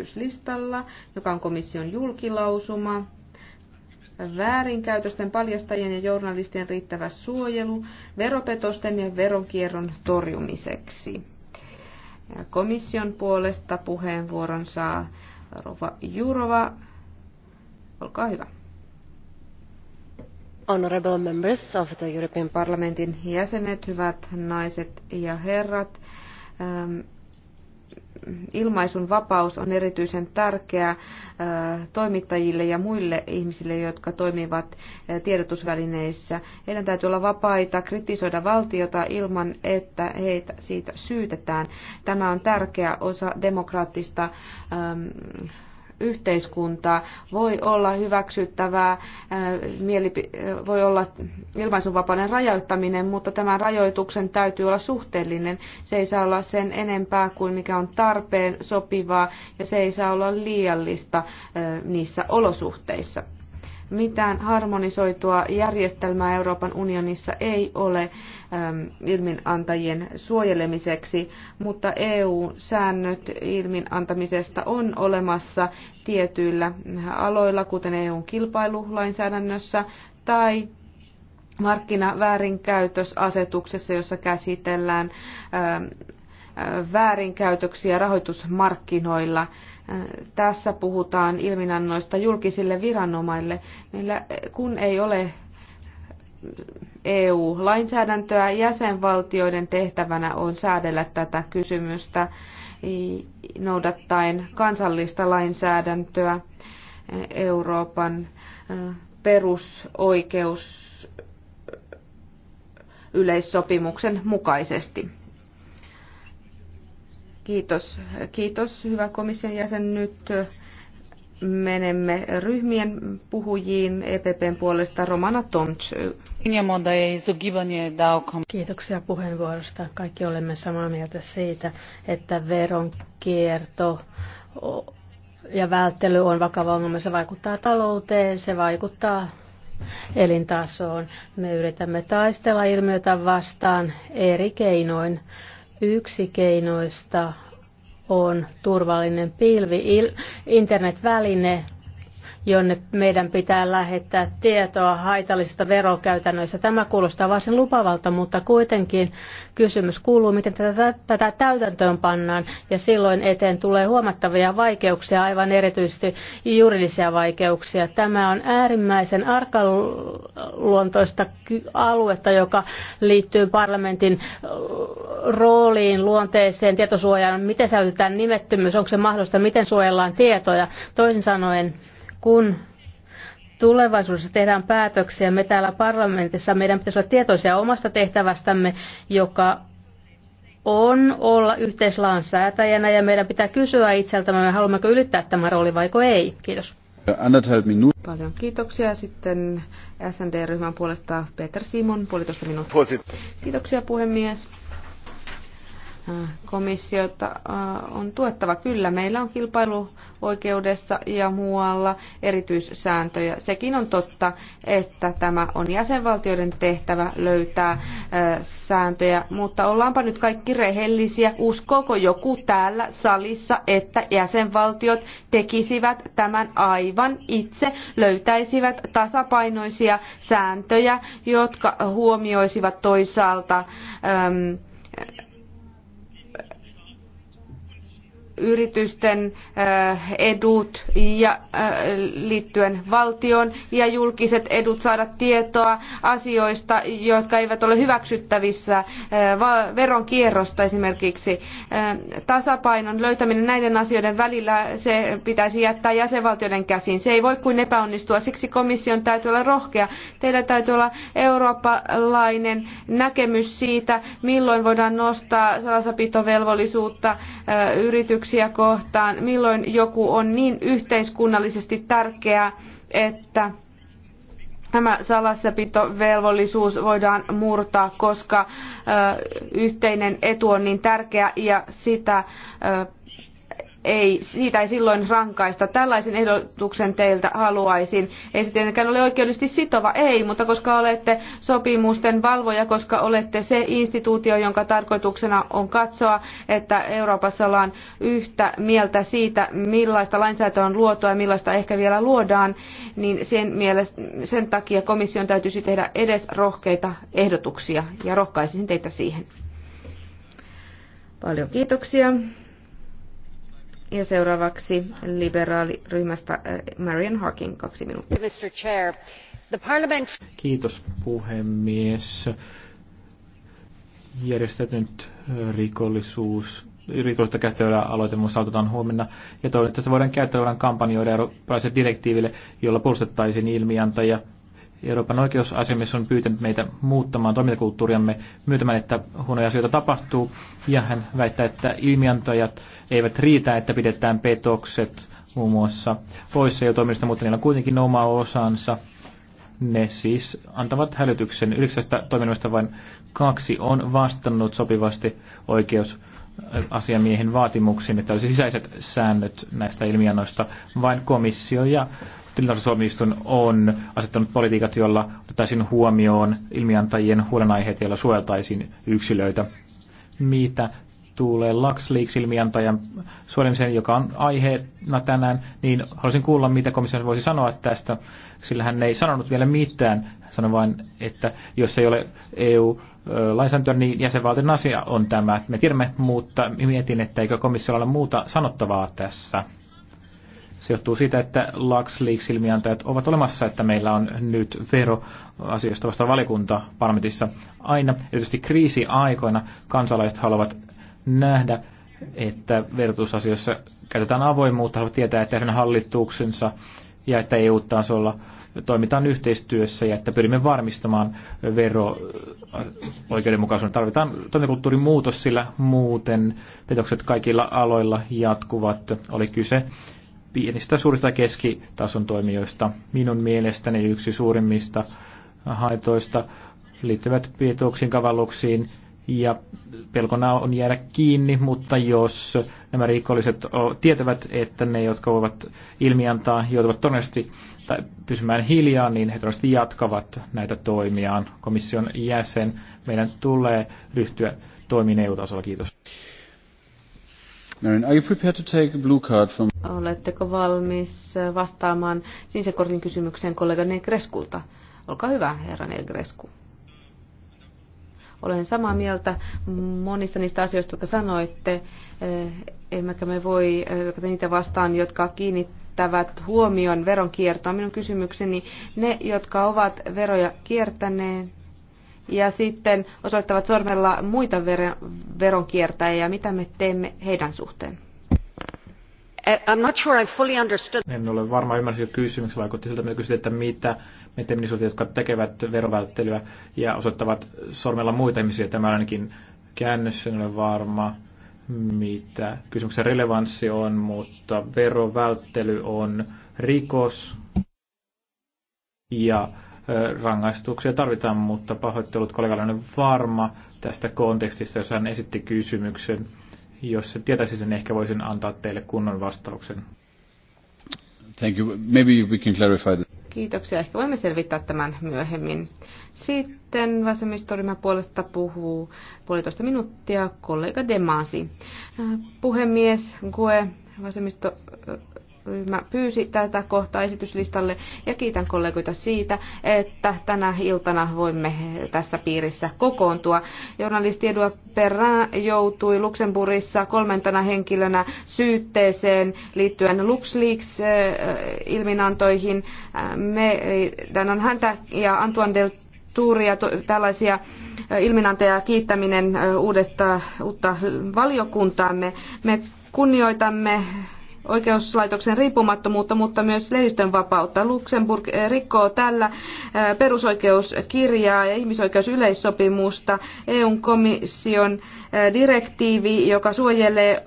esityslistalla, joka on komission julkilausuma. Väärinkäytösten paljastajien ja journalistien riittävä suojelu veropetosten ja veronkierron torjumiseksi. komission puolesta puheenvuoron saa Rova Jurova. Olkaa hyvä. Honorable members of the European Parlamentin jäsenet, hyvät naiset ja herrat ilmaisun vapaus on erityisen tärkeä toimittajille ja muille ihmisille, jotka toimivat tiedotusvälineissä. Heidän täytyy olla vapaita kritisoida valtiota ilman, että heitä siitä syytetään. Tämä on tärkeä osa demokraattista yhteiskuntaa. Voi olla hyväksyttävää, äh, äh, voi olla ilmaisunvapauden rajoittaminen, mutta tämän rajoituksen täytyy olla suhteellinen. Se ei saa olla sen enempää kuin mikä on tarpeen sopivaa ja se ei saa olla liiallista äh, niissä olosuhteissa. Mitään harmonisoitua järjestelmää Euroopan unionissa ei ole ähm, ilminantajien suojelemiseksi, mutta EU-säännöt ilminantamisesta on olemassa tietyillä aloilla, kuten EUn kilpailulainsäädännössä tai markkinaväärinkäytösasetuksessa, jossa käsitellään ähm, äh, väärinkäytöksiä rahoitusmarkkinoilla. Tässä puhutaan ilminannoista julkisille viranomaille. Meillä, kun ei ole EU-lainsäädäntöä, jäsenvaltioiden tehtävänä on säädellä tätä kysymystä noudattaen kansallista lainsäädäntöä, Euroopan perusoikeus yleissopimuksen mukaisesti. Kiitos. Kiitos, hyvä komission jäsen. Nyt menemme ryhmien puhujiin EPPn puolesta Romana Tomczyk. Kiitoksia puheenvuorosta. Kaikki olemme samaa mieltä siitä, että veronkierto ja välttely on vakava ongelma. Se vaikuttaa talouteen, se vaikuttaa elintasoon. Me yritämme taistella ilmiötä vastaan eri keinoin Yksi keinoista on turvallinen pilvi, internetväline, jonne meidän pitää lähettää tietoa haitallisista verokäytännöistä. Tämä kuulostaa varsin lupavalta, mutta kuitenkin kysymys kuuluu, miten tätä, tätä täytäntöön pannaan. Ja silloin eteen tulee huomattavia vaikeuksia, aivan erityisesti juridisia vaikeuksia. Tämä on äärimmäisen arkaluontoista aluetta, joka liittyy parlamentin äh, rooliin, luonteeseen, tietosuojaan. Miten säilytetään nimettömyys? Onko se mahdollista? Miten suojellaan tietoja? Toisin sanoen, kun tulevaisuudessa tehdään päätöksiä, me täällä parlamentissa meidän pitäisi olla tietoisia omasta tehtävästämme, joka on olla yhteislaan säätäjänä ja meidän pitää kysyä itseltämme, haluammeko ylittää tämä rooli vai ei. Kiitos. Paljon kiitoksia. Sitten SND-ryhmän puolesta Peter Simon, puolitoista minuuttia. Kiitoksia puhemies komissiota äh, on tuettava. Kyllä, meillä on kilpailuoikeudessa ja muualla erityissääntöjä. Sekin on totta, että tämä on jäsenvaltioiden tehtävä löytää äh, sääntöjä, mutta ollaanpa nyt kaikki rehellisiä. Uskoko joku täällä salissa, että jäsenvaltiot tekisivät tämän aivan itse, löytäisivät tasapainoisia sääntöjä, jotka huomioisivat toisaalta yritysten edut ja liittyen valtioon ja julkiset edut saada tietoa asioista, jotka eivät ole hyväksyttävissä veronkierrosta esimerkiksi. Tasapainon löytäminen näiden asioiden välillä se pitäisi jättää jäsenvaltioiden käsiin. Se ei voi kuin epäonnistua. Siksi komission täytyy olla rohkea. Teillä täytyy olla eurooppalainen näkemys siitä, milloin voidaan nostaa salasapitovelvollisuutta yrityksille kysymyksiä kohtaan, milloin joku on niin yhteiskunnallisesti tärkeä, että tämä salassapitovelvollisuus voidaan murtaa, koska yhteinen etu on niin tärkeä ja sitä ei, siitä ei silloin rankaista. Tällaisen ehdotuksen teiltä haluaisin. Ei se tietenkään ole oikeudellisesti sitova, ei, mutta koska olette sopimusten valvoja, koska olette se instituutio, jonka tarkoituksena on katsoa, että Euroopassa ollaan yhtä mieltä siitä, millaista lainsäädäntöä on luotua ja millaista ehkä vielä luodaan, niin sen, mielestä, sen takia komission täytyisi tehdä edes rohkeita ehdotuksia ja rohkaisisin teitä siihen. Paljon kiitoksia. Ja seuraavaksi liberaaliryhmästä äh, Marian Harkin, kaksi minuuttia. Mr. Chair, the Kiitos puhemies. Järjestäytynyt äh, rikollisuus rikollista käsittelyä aloite mun saatetaan huomenna. Ja toivon, että se voidaan käyttää voidaan kampanjoida eurooppalaiselle direktiiville, jolla puolustettaisiin ilmiantajia Euroopan oikeusasiamies on pyytänyt meitä muuttamaan toimintakulttuuriamme myötämään, että huonoja asioita tapahtuu, ja hän väittää, että ilmiantajat eivät riitä, että pidetään petokset muun muassa pois jo toiminnasta, mutta niillä on kuitenkin oma osansa. Ne siis antavat hälytyksen. Yhdeksästä toiminnasta vain kaksi on vastannut sopivasti oikeus asiamiehen vaatimuksiin, että olisi sisäiset säännöt näistä ilmiannoista. Vain komissio ja tilintarkastusomistun on asettanut politiikat, joilla otettaisiin huomioon ilmiantajien huolenaiheet, joilla suojeltaisiin yksilöitä. Mitä tulee LuxLeaks-ilmiantajan suojelmiseen, joka on aiheena tänään, niin haluaisin kuulla, mitä komissio voisi sanoa tästä, sillä hän ei sanonut vielä mitään. Hän sanoi vain, että jos ei ole EU lainsäädäntöä, niin jäsenvaltion asia on tämä. Me tiedämme, mutta mietin, että eikö komissiolla ole muuta sanottavaa tässä. Se johtuu siitä, että LuxLeaks-ilmiantajat ovat olemassa, että meillä on nyt veroasioista vasta valikunta parlamentissa aina. Erityisesti kriisiaikoina kansalaiset haluavat nähdä, että verotusasioissa käytetään avoimuutta, haluavat tietää, että heidän hallituksensa ja että EU-tasolla toimitaan yhteistyössä ja että pyrimme varmistamaan vero-oikeudenmukaisuuden. Tarvitaan toimikulttuurin muutos, sillä muuten petokset kaikilla aloilla jatkuvat. Oli kyse pienistä, suurista keskitason toimijoista. Minun mielestäni yksi suurimmista haitoista liittyvät pituuksiin, kavalluksiin ja pelkona on jäädä kiinni, mutta jos nämä rikolliset tietävät, että ne, jotka voivat ilmiantaa, joutuvat todennäköisesti tai pysymään hiljaa, niin he todennäköisesti jatkavat näitä toimiaan. Komission jäsen, meidän tulee ryhtyä toimiin EU-tasolla. Kiitos. Marin, are you prepared to take blue card from... Oletteko valmis äh, vastaamaan sinisen kortin kysymykseen kollega Negreskulta? Olkaa hyvä, herra Negresku. Olen samaa mieltä monista niistä asioista, jotka sanoitte. Äh, emmekä me voi äh, niitä vastaan, jotka kiinnittävät huomion kiertoa. Minun kysymykseni, ne, jotka ovat veroja kiertäneet, ja sitten osoittavat sormella muita veronkiertäjiä. Mitä me teemme heidän suhteen? Eh, I'm not sure I fully understood. En ole varma ymmärsinkö kysymyksen vaikutti siltä, että kysyt, että mitä me teemme niistä, jotka tekevät verovälttelyä ja osoittavat sormella muita ihmisiä. Tämä on ainakin käännössä, en ole varma mitä kysymyksen relevanssi on, mutta verovälttely on rikos ja rangaistuksia tarvitaan, mutta pahoittelut kollegalle on varma tästä kontekstista, jos hän esitti kysymyksen. Jos se tietäisi sen, ehkä voisin antaa teille kunnon vastauksen. Thank you. Maybe we can clarify that. Kiitoksia. Ehkä voimme selvittää tämän myöhemmin. Sitten vasemmistoryhmän puolesta puhuu puolitoista minuuttia kollega Demasi. Puhemies Gue, vasemmisto ryhmä pyysi tätä kohtaa esityslistalle ja kiitän kollegoita siitä, että tänä iltana voimme tässä piirissä kokoontua. Journalisti Eduard Perrin joutui Luxemburgissa kolmantena henkilönä syytteeseen liittyen LuxLeaks-ilminantoihin. Meidän on häntä ja Antoine Del Tuuria tällaisia ilminantajaa kiittäminen uudesta uutta valiokuntaamme. Me kunnioitamme oikeuslaitoksen riippumattomuutta, mutta myös lehdistön vapautta. Luxemburg eh, rikkoo tällä eh, perusoikeuskirjaa ja ihmisoikeusyleissopimusta, EUn komission eh, direktiivi, joka suojelee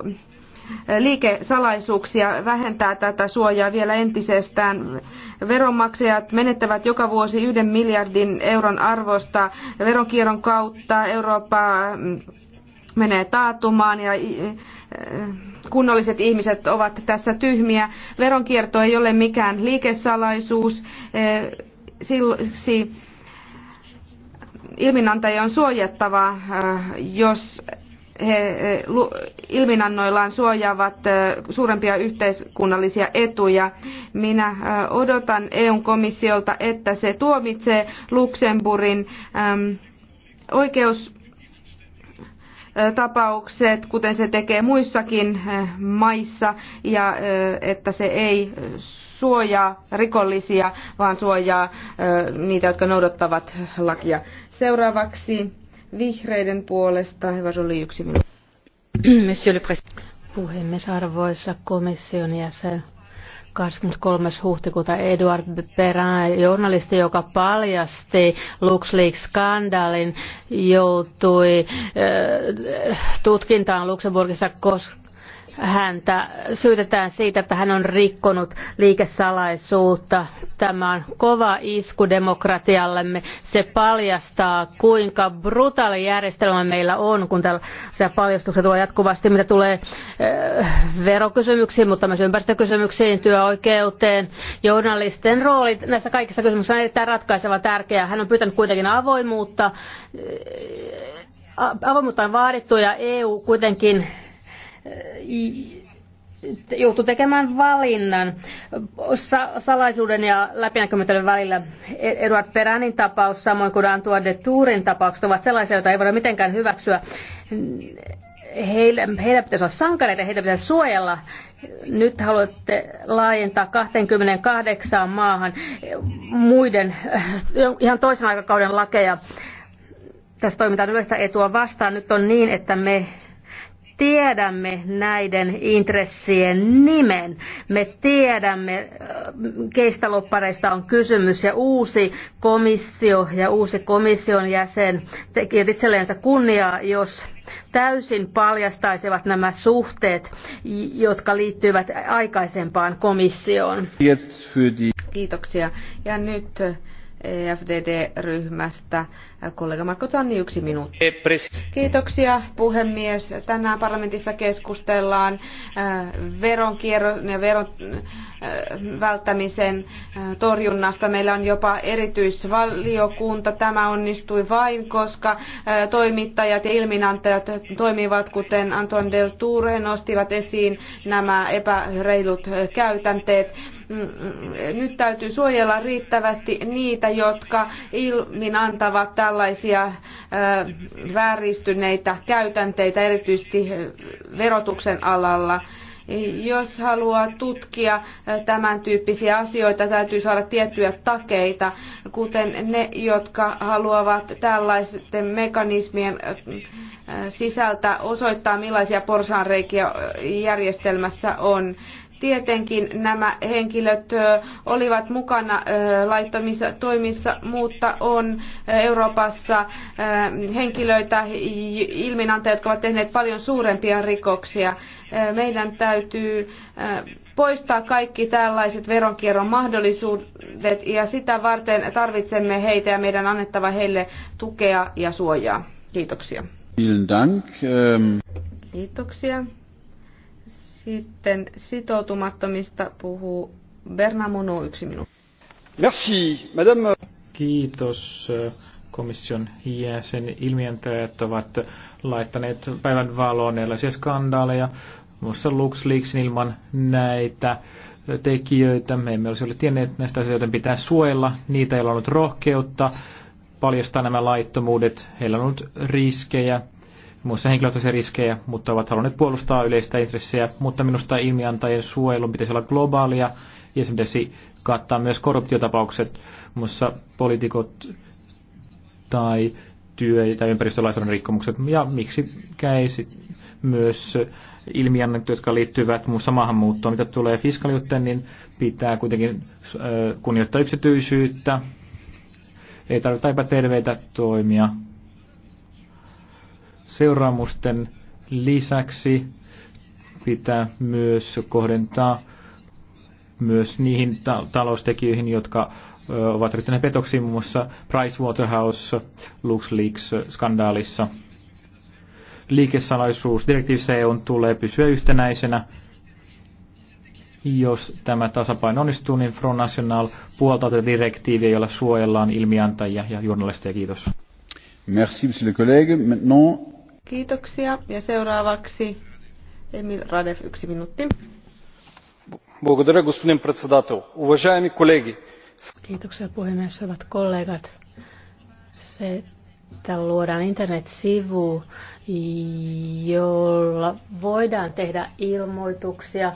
liikesalaisuuksia vähentää tätä suojaa vielä entisestään. Veronmaksajat menettävät joka vuosi yhden miljardin euron arvosta veronkierron kautta. Eurooppa mm, menee taatumaan ja kunnolliset ihmiset ovat tässä tyhmiä. Veronkierto ei ole mikään liikesalaisuus. Eh, siksi ilminantaja on suojattava, eh, jos he eh, ilminannoillaan suojaavat suurempia yhteiskunnallisia etuja. Minä odotan EUn komissiolta, että se tuomitsee Luxemburgin oikeus tapaukset, kuten se tekee muissakin maissa, ja että se ei suojaa rikollisia, vaan suojaa niitä, jotka noudattavat lakia. Seuraavaksi vihreiden puolesta, hyvä, se oli yksi minuutti. Puhemies, arvoisa komission jäsen 23. huhtikuuta Eduard Perrin, journalisti, joka paljasti LuxLeaks-skandaalin, joutui äh, tutkintaan Luxemburgissa, koska häntä syytetään siitä, että hän on rikkonut liikesalaisuutta. Tämä on kova isku demokratiallemme. Se paljastaa, kuinka brutaali järjestelmä meillä on, kun tällaisia paljastuksia tulee jatkuvasti, mitä tulee eh, verokysymyksiin, mutta myös ympäristökysymyksiin, työoikeuteen. Journalisten rooli näissä kaikissa kysymyksissä on erittäin ratkaiseva tärkeä. Hän on pyytänyt kuitenkin avoimuutta. Eh, avoimuutta on vaadittu ja EU kuitenkin joutui tekemään valinnan salaisuuden ja läpinäkymätön välillä. E-, Eduard Peränin tapaus, samoin kuin Antoine de Tourin tapaukset, ovat sellaisia, joita ei voida mitenkään hyväksyä. Heillä, heillä pitäisi olla sankareita, heitä pitäisi suojella. Nyt haluatte laajentaa 28 maahan muiden ihan toisen aikakauden lakeja. Tässä toimitaan yleistä etua vastaan. Nyt on niin, että me tiedämme näiden intressien nimen. Me tiedämme, äh, keistä loppareista on kysymys ja uusi komissio ja uusi komission jäsen teki itselleensä kunniaa, jos täysin paljastaisivat nämä suhteet, jotka liittyvät aikaisempaan komissioon. Kiitoksia. Ja nyt äh, E FDD-ryhmästä. Kollega Marko Tanni, yksi minuutti. E Kiitoksia puhemies. Tänään parlamentissa keskustellaan äh, veronkierron ja veron äh, välttämisen äh, torjunnasta. Meillä on jopa erityisvaliokunta. Tämä onnistui vain, koska toimittajat ja ilminantajat toimivat, kuten Anton Del Ture nostivat esiin nämä epäreilut käytänteet Mm, nyt täytyy suojella riittävästi niitä, jotka ilmin antavat tällaisia vääristyneitä käytänteitä, erityisesti verotuksen alalla jos haluaa tutkia tämän tyyppisiä asioita, täytyy saada tiettyjä takeita, kuten ne, jotka haluavat tällaisten mekanismien sisältä osoittaa, millaisia porsaanreikiä järjestelmässä on. Tietenkin nämä henkilöt olivat mukana laittomissa toimissa, mutta on Euroopassa henkilöitä, ilminantajia, jotka ovat tehneet paljon suurempia rikoksia. Meidän täytyy poistaa kaikki tällaiset veronkierron mahdollisuudet ja sitä varten tarvitsemme heitä ja meidän annettava heille tukea ja suojaa. Kiitoksia. Ähm. Kiitoksia. Sitten sitoutumattomista puhuu Bernamonu yksi minuutti. Merci, madame. Kiitos äh, komission jäsen ilmiöntäjät ovat laittaneet päivän valoon erilaisia skandaaleja, Muussa LuxLeaksin ilman näitä tekijöitä. Me emme olisi ole tienneet näistä asioista, joten pitää suojella. Niitä ei ole ollut rohkeutta paljastaa nämä laittomuudet. Heillä on ollut riskejä muissa henkilökohtaisia riskejä, mutta ovat halunneet puolustaa yleistä intressejä, mutta minusta ilmiantajien suojelun pitäisi olla globaalia ja se pitäisi kattaa myös korruptiotapaukset, muissa poliitikot tai työ- tai ympäristölaisuuden rikkomukset ja miksi käy myös ilmiannot, jotka liittyvät muussa maahanmuuttoon. Mitä tulee fiskaliuteen, niin pitää kuitenkin kunnioittaa yksityisyyttä. Ei tarvita epäterveitä toimia seuraamusten lisäksi pitää myös kohdentaa myös niihin ta- taloustekijöihin, jotka ö, ovat ryhtyneet petoksiin muun muassa Pricewaterhouse, LuxLeaks-skandaalissa. direktiivissä EUn tulee pysyä yhtenäisenä. Jos tämä tasapaino onnistuu, niin Front National puoltaa tätä direktiiviä, jolla suojellaan ilmiantajia ja journalisteja. Kiitos. Merci, monsieur le collègue. Maintenant, Kiitoksia. Ja seuraavaksi Emil Radev, yksi minuutti. Благодаря, господин председател. Уважаеми колеги. Kiitoksia puhemies, hyvät kollegat. Se, että luodaan internetsivu, jolla voidaan tehdä ilmoituksia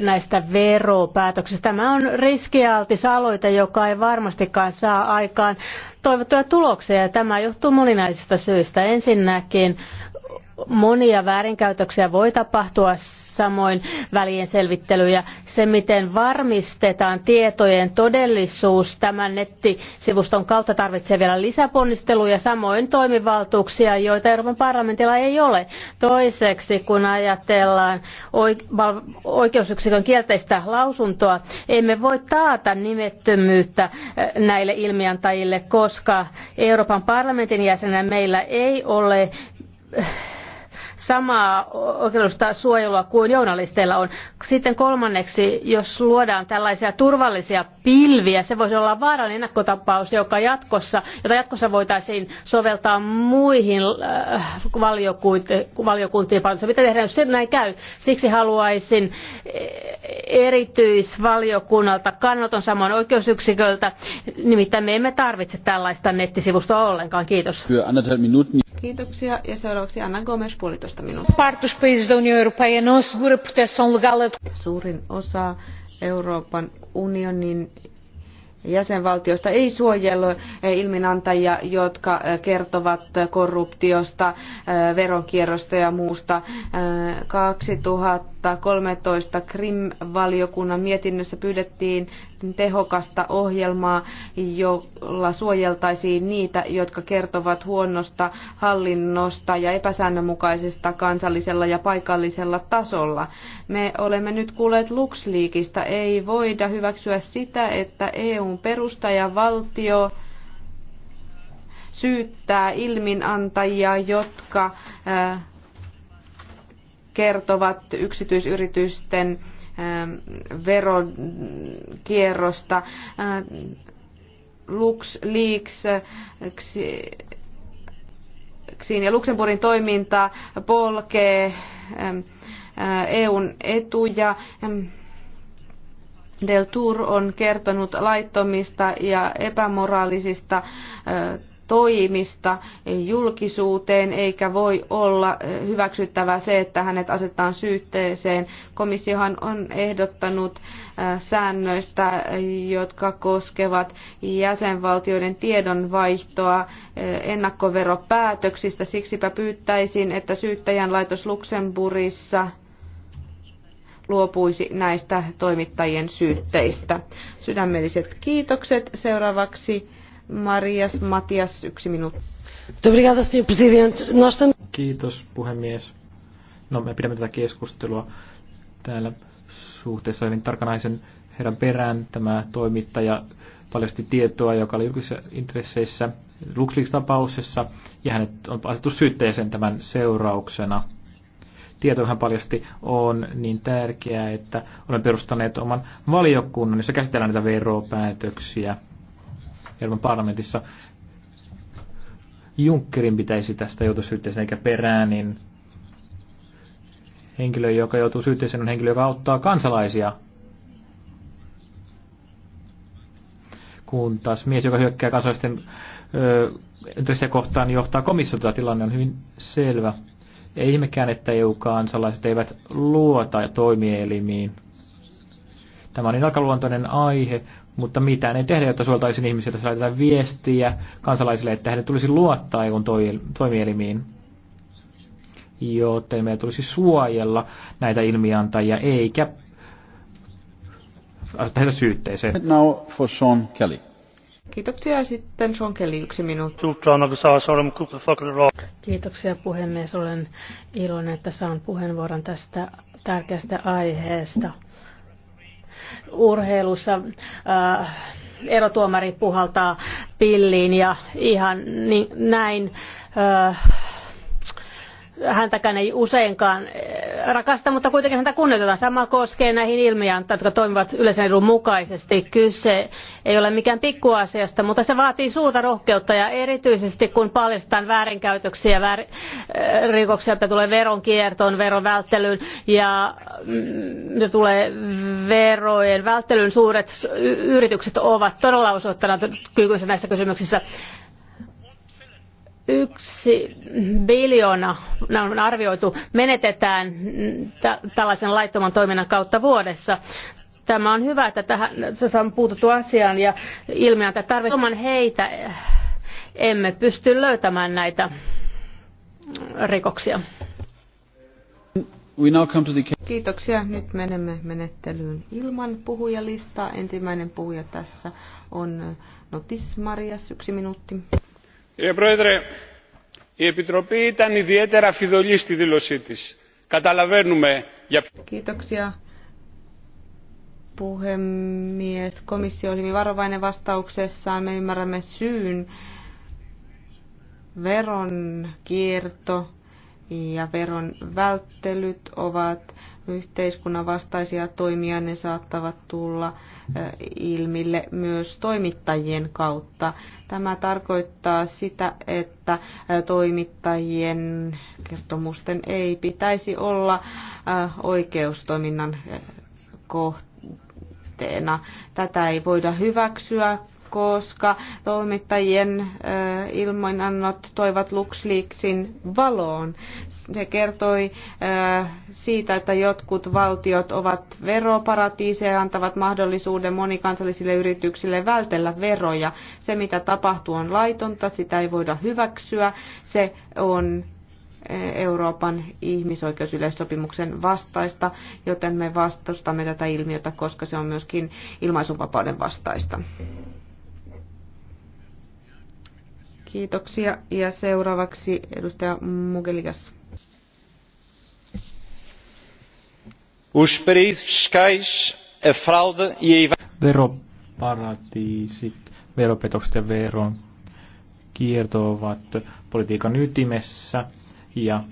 näistä veropäätöksistä. Tämä on riskialtis aloite, joka ei varmastikaan saa aikaan toivottuja tuloksia tämä johtuu moninaisista syistä. Ensinnäkin monia väärinkäytöksiä voi tapahtua, samoin välien selvittelyjä. Se, miten varmistetaan tietojen todellisuus tämän nettisivuston kautta tarvitsee vielä lisäponnisteluja, samoin toimivaltuuksia, joita Euroopan parlamentilla ei ole. Toiseksi, kun ajatellaan oikeusyksikön kielteistä lausuntoa, emme voi taata nimettömyyttä eh, näille ilmiantajille, koska Euroopan parlamentin jäsenenä meillä ei ole eh, samaa oikeudellista suojelua kuin journalisteilla on. Sitten kolmanneksi, jos luodaan tällaisia turvallisia pilviä, se voisi olla vaarallinen ennakkotapaus, joka jatkossa, jota jatkossa voitaisiin soveltaa muihin äh, valiokuntiin paljon. Mitä tehdään, jos se näin käy? Siksi haluaisin eh, erityisvaliokunnalta kannaton samoin oikeusyksiköltä. Nimittäin me emme tarvitse tällaista nettisivustoa ollenkaan. Kiitos. Kiitoksia. Ja seuraavaksi Anna Gomes, puolitoista minuuttia. Suurin osa Euroopan unionin jäsenvaltiosta ei suojellut eh, ilminantajia, jotka eh, kertovat korruptiosta, eh, veronkierrosta ja muusta. 2013 Krim-valiokunnan mietinnössä pyydettiin tehokasta ohjelmaa, jolla suojeltaisiin niitä, jotka kertovat huonosta hallinnosta ja epäsäännönmukaisesta kansallisella ja paikallisella tasolla. Me olemme nyt kuulleet LuxLeaksista. Ei voida hyväksyä sitä, että EUn perustajavaltio syyttää ilminantajia, jotka äh, kertovat yksityisyritysten ähm, verokierrosta. Äh, LuxLeaksiin äh, ja Luxemburgin toiminta polkee ähm, EUn etuja. Del Tour on kertonut laittomista ja epämoraalisista toimista julkisuuteen, eikä voi olla hyväksyttävää se, että hänet asetetaan syytteeseen. Komissiohan on ehdottanut säännöistä, jotka koskevat jäsenvaltioiden tiedonvaihtoa ennakkoveropäätöksistä. Siksipä pyytäisin, että syyttäjän laitos Luxemburgissa luopuisi näistä toimittajien syytteistä. Sydämelliset kiitokset. Seuraavaksi Marias Matias, yksi minuutti. Kiitos puhemies. No me pidämme tätä keskustelua täällä suhteessa hyvin tarkanaisen herran perään. Tämä toimittaja paljasti tietoa, joka oli julkisissa intresseissä LuxLeaks-tapauksessa, ja hänet on asetettu syytteeseen tämän seurauksena – tieto, paljasti on niin tärkeää, että olemme perustaneet oman valiokunnan, jossa käsitellään näitä veropäätöksiä Euroopan parlamentissa. Junckerin pitäisi tästä joutua syytteeseen eikä perään, niin henkilö, joka joutuu syytteeseen, on henkilö, joka auttaa kansalaisia. Kun taas mies, joka hyökkää kansalaisten ö, intressejä kohtaan, johtaa komissiota. Tilanne on hyvin selvä. Ei ihmekään, että EU-kansalaiset eivät luota toimielimiin. Tämä on niin alkaluontoinen aihe, mutta mitään ei tehdä, jotta suoltaisiin ihmisiä, että laitetaan viestiä kansalaisille, että heidän tulisi luottaa EUn toimielimiin. Joten meidän tulisi suojella näitä ilmiantajia, eikä asettaa heitä syytteeseen. Now for Sean Kelly. Kiitoksia. Sitten Sonkeli yksi minuutti. Kiitoksia puhemies. Olen iloinen, että saan puheenvuoron tästä tärkeästä aiheesta. Urheilussa äh, erotuomari puhaltaa pilliin ja ihan niin, näin. Äh, häntäkään ei useinkaan rakasta, mutta kuitenkin häntä kunnioitetaan. Sama koskee näihin ilmiöihin, jotka toimivat yleisen edun mukaisesti. Kyse ei ole mikään pikkuasiasta, mutta se vaatii suurta rohkeutta ja erityisesti kun paljastetaan väärinkäytöksiä, väär, äh, rikoksia, joita tulee veronkiertoon, veron välttelyyn ja mm, tulee verojen välttelyyn suuret yritykset ovat todella osoittaneet kykyissä näissä kysymyksissä yksi biljoona, on arvioitu, menetetään tällaisen laittoman toiminnan kautta vuodessa. Tämä on hyvä, että tähän, tässä on puututtu asiaan ja ilmiön, että tarvitsemaan heitä emme pysty löytämään näitä rikoksia. Kiitoksia. Nyt menemme menettelyyn ilman puhujalistaa. Ensimmäinen puhuja tässä on Notis Marias, yksi minuutti κύριε πρόεδρε η επιτροπή ήταν ιδιαίτερα αφιδωλή στη δήλωσή της. καταλαβαίνουμε για Kiitoksia puhemies. Komissio oli varovainen vastauksessaan. Me ymmärrämme syyn. Veronkierto ja veron välttelyt ovat yhteiskunnan vastaisia toimia. Ne saattavat tulla ilmille myös toimittajien kautta. Tämä tarkoittaa sitä, että toimittajien kertomusten ei pitäisi olla oikeustoiminnan kohteena. Tätä ei voida hyväksyä koska toimittajien ilmoinannot toivat LuxLeaksin valoon. Se kertoi siitä, että jotkut valtiot ovat veroparatiiseja ja antavat mahdollisuuden monikansallisille yrityksille vältellä veroja. Se, mitä tapahtuu, on laitonta, sitä ei voida hyväksyä. Se on Euroopan ihmisoikeusyleissopimuksen vastaista, joten me vastustamme tätä ilmiötä, koska se on myöskin ilmaisunvapauden vastaista. Kiitoksia. Ja seuraavaksi edustaja Mugelikas. Os paraísos fiscais, a fraude e a... Veroparatiisit, veropetokset ja veron kierto ovat politiikan ytimessä ja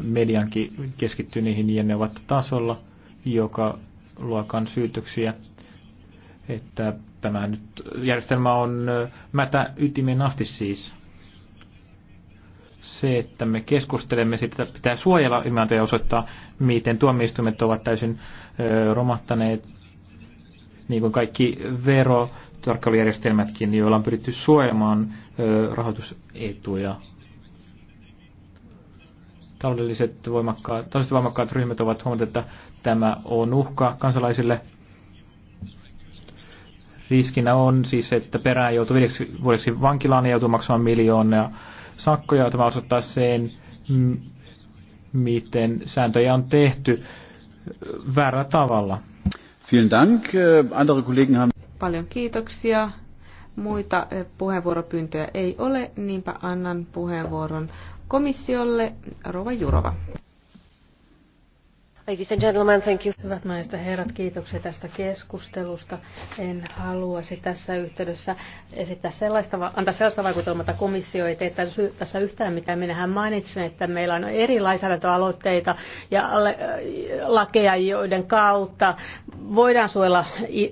mediankin keskittyy niihin ja ne ovat tasolla, joka luokan syytöksiä, että tämä nyt, järjestelmä on mätä ytimen asti siis se, että me keskustelemme siitä, että pitää suojella imagoa ja osoittaa, miten tuomioistuimet ovat täysin ö, romahtaneet, niin kuin kaikki verotarkkailujärjestelmätkin, joilla on pyritty suojelemaan ö, rahoitusetuja. Taloudelliset voimakkaat, voimakkaat ryhmät ovat huomanneet, että tämä on uhka kansalaisille. Riskinä on siis, että perään joutuu viideksi vuodeksi vankilaan ja joutuu maksamaan miljoonia sakkoja, ja tämä osoittaa sen, miten sääntöjä on tehty väärällä tavalla. Vielen Dank. Äh, andere Kollegen haben... Paljon kiitoksia. Muita äh, puheenvuoropyyntöjä ei ole, niinpä annan puheenvuoron komissiolle. Rova Jurova. Ladies and gentlemen, thank you. Hyvät naiset ja herrat, kiitoksia tästä keskustelusta. En haluaisi tässä yhteydessä esittää sellaista, antaa sellaista vaikutelmaa, että komissio ei tee tässä yhtään mitään. Minähän mainitsin, että meillä on eri lainsäädäntöaloitteita ja äh, lakeja, joiden kautta voidaan suojella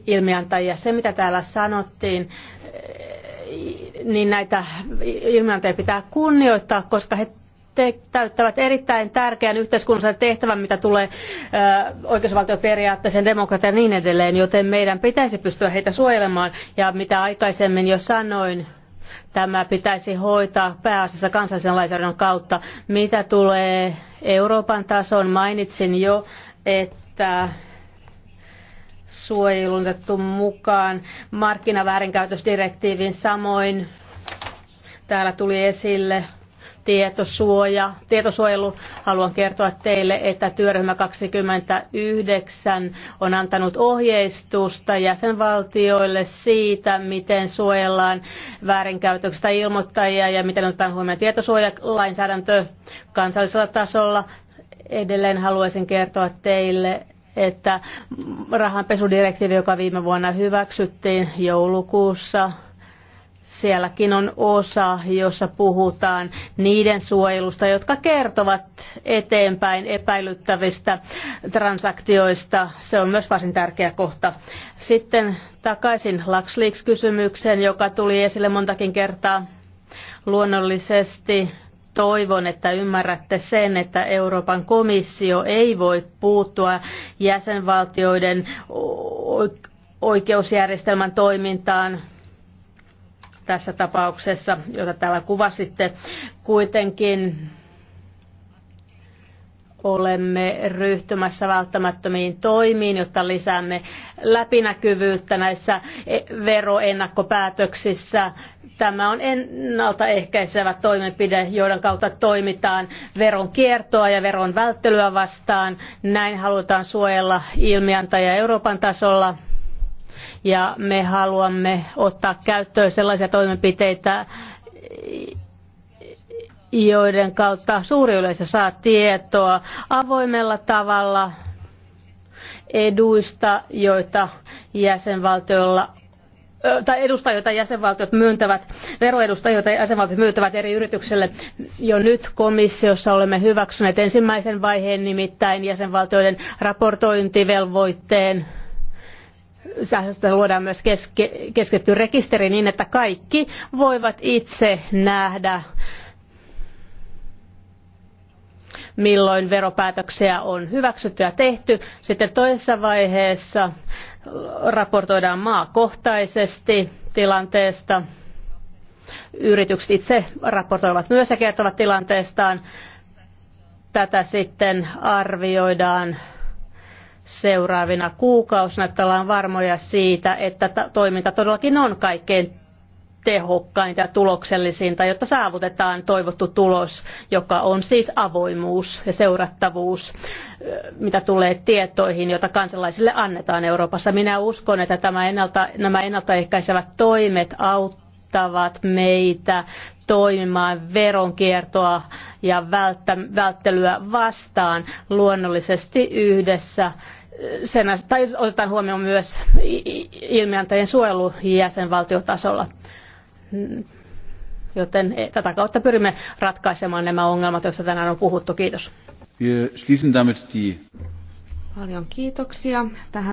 ilmiantajia. Se, mitä täällä sanottiin, äh, niin näitä ilmiantajia pitää kunnioittaa, koska he te täyttävät erittäin tärkeän yhteiskunnallisen tehtävän, mitä tulee oikeusvaltioperiaatteeseen, demokratiaan ja niin edelleen, joten meidän pitäisi pystyä heitä suojelemaan. Ja mitä aikaisemmin jo sanoin, tämä pitäisi hoitaa pääasiassa kansallisen lainsäädännön kautta. Mitä tulee Euroopan tasoon, mainitsin jo, että suojelutettu mukaan markkinaväärinkäytösdirektiivin samoin täällä tuli esille tietosuoja, tietosuojelu. Haluan kertoa teille, että työryhmä 29 on antanut ohjeistusta jäsenvaltioille siitä, miten suojellaan väärinkäytöksistä ilmoittajia ja miten otetaan huomioon tietosuojalainsäädäntö kansallisella tasolla. Edelleen haluaisin kertoa teille, että rahanpesudirektiivi, joka viime vuonna hyväksyttiin joulukuussa, Sielläkin on osa, jossa puhutaan niiden suojelusta, jotka kertovat eteenpäin epäilyttävistä transaktioista. Se on myös varsin tärkeä kohta. Sitten takaisin LuxLeaks-kysymykseen, joka tuli esille montakin kertaa. Luonnollisesti toivon, että ymmärrätte sen, että Euroopan komissio ei voi puuttua jäsenvaltioiden oikeusjärjestelmän toimintaan tässä tapauksessa, jota täällä kuvasitte. Kuitenkin olemme ryhtymässä välttämättömiin toimiin, jotta lisäämme läpinäkyvyyttä näissä veroennakkopäätöksissä. Tämä on ennaltaehkäisevä toimenpide, joiden kautta toimitaan veron kiertoa ja veron välttelyä vastaan. Näin halutaan suojella ilmiantajia Euroopan tasolla ja me haluamme ottaa käyttöön sellaisia toimenpiteitä, joiden kautta suuri yleisö saa tietoa avoimella tavalla eduista, joita jäsenvaltioilla tai edustajia jäsenvaltiot myöntävät, veroedustajia jäsenvaltiot myöntävät eri yrityksille. Jo nyt komissiossa olemme hyväksyneet ensimmäisen vaiheen nimittäin jäsenvaltioiden raportointivelvoitteen sähköstä luodaan myös keske, keskitty rekisteri niin, että kaikki voivat itse nähdä, milloin veropäätöksiä on hyväksytty ja tehty. Sitten toisessa vaiheessa raportoidaan maakohtaisesti tilanteesta. Yritykset itse raportoivat myös ja kertovat tilanteestaan. Tätä sitten arvioidaan seuraavina kuukausina, että ollaan varmoja siitä, että toiminta todellakin on kaikkein tehokkainta ja tuloksellisinta, jotta saavutetaan toivottu tulos, joka on siis avoimuus ja seurattavuus, mitä tulee tietoihin, joita kansalaisille annetaan Euroopassa. Minä uskon, että tämä ennalta, nämä ennaltaehkäisevät toimet auttavat meitä toimimaan veronkiertoa ja välttelyä vastaan luonnollisesti yhdessä. Sen, tai otetaan huomioon myös ilmiantajien suojelu jäsenvaltiotasolla. Joten e, tätä kautta pyrimme ratkaisemaan nämä ongelmat, joista tänään on puhuttu. Kiitos. Paljon kiitoksia. Tähän